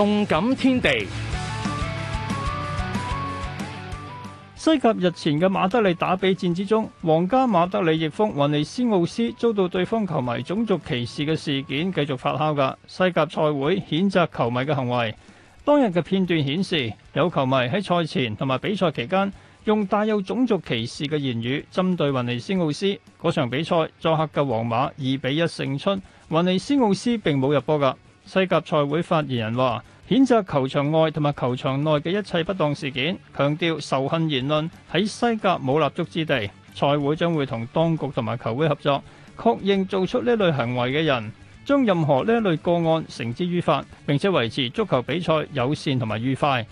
動感天地。西甲日前嘅馬德里打比戰之中，皇家馬德里前鋒雲尼斯奧斯遭到對方球迷種族歧視嘅事件繼續發酵的。噶，西甲賽會譴責球迷嘅行為。當日嘅片段顯示，有球迷喺賽前同埋比賽期間用帶有種族歧視嘅言語針對雲尼斯奧斯。嗰場比賽作客嘅皇馬二比一勝出，雲尼斯奧斯並冇入波噶。西甲賽會發言人話：譴責球場外同埋球場內嘅一切不當事件，強調仇恨言論喺西甲冇立足之地。賽會將會同當局同埋球會合作，確認做出呢類行為嘅人，將任何呢類個案繩之於法，並且維持足球比賽友善同埋愉快。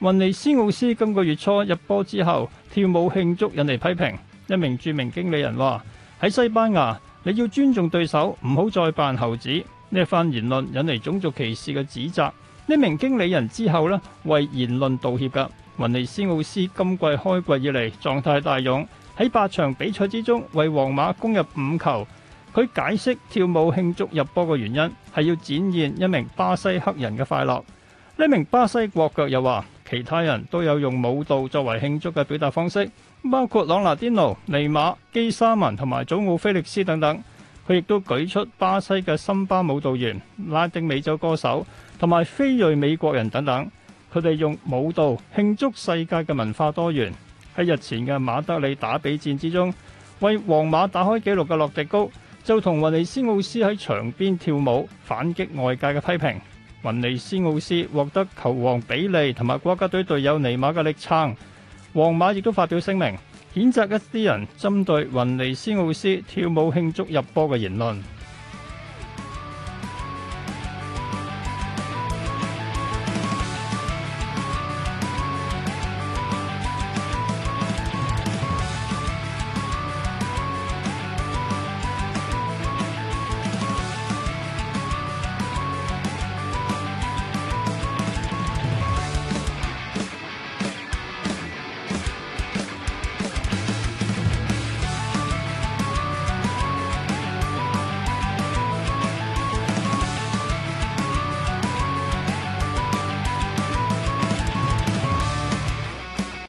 雲尼斯奧斯今個月初入波之後跳舞慶祝，引嚟批評。一名著名經理人話：喺西班牙你要尊重對手，唔好再扮猴子。呢一番言論引嚟種族歧視嘅指責。呢名經理人之後呢，為言論道歉嘅。雲尼斯奧斯今季開季以嚟狀態大勇，喺八場比賽之中為皇馬攻入五球。佢解釋跳舞慶祝入波嘅原因係要展現一名巴西黑人嘅快樂。呢名巴西國腳又話，其他人都有用舞蹈作為慶祝嘅表達方式，包括朗拿甸奴、尼馬、基沙文同埋祖奧菲力斯等等。佢亦都舉出巴西嘅森巴舞蹈員、拉丁美洲歌手同埋非裔美國人等等，佢哋用舞蹈慶祝世界嘅文化多元。喺日前嘅馬德里打比戰之中，為皇馬打開紀錄嘅洛迪高就同雲尼斯奧斯喺場邊跳舞，反擊外界嘅批評。雲尼斯奧斯獲得球王比利同埋國家隊隊友尼馬嘅力撐，皇馬亦都發表聲明。譴責一啲人針對雲尼斯奧斯跳舞慶祝入波嘅言論。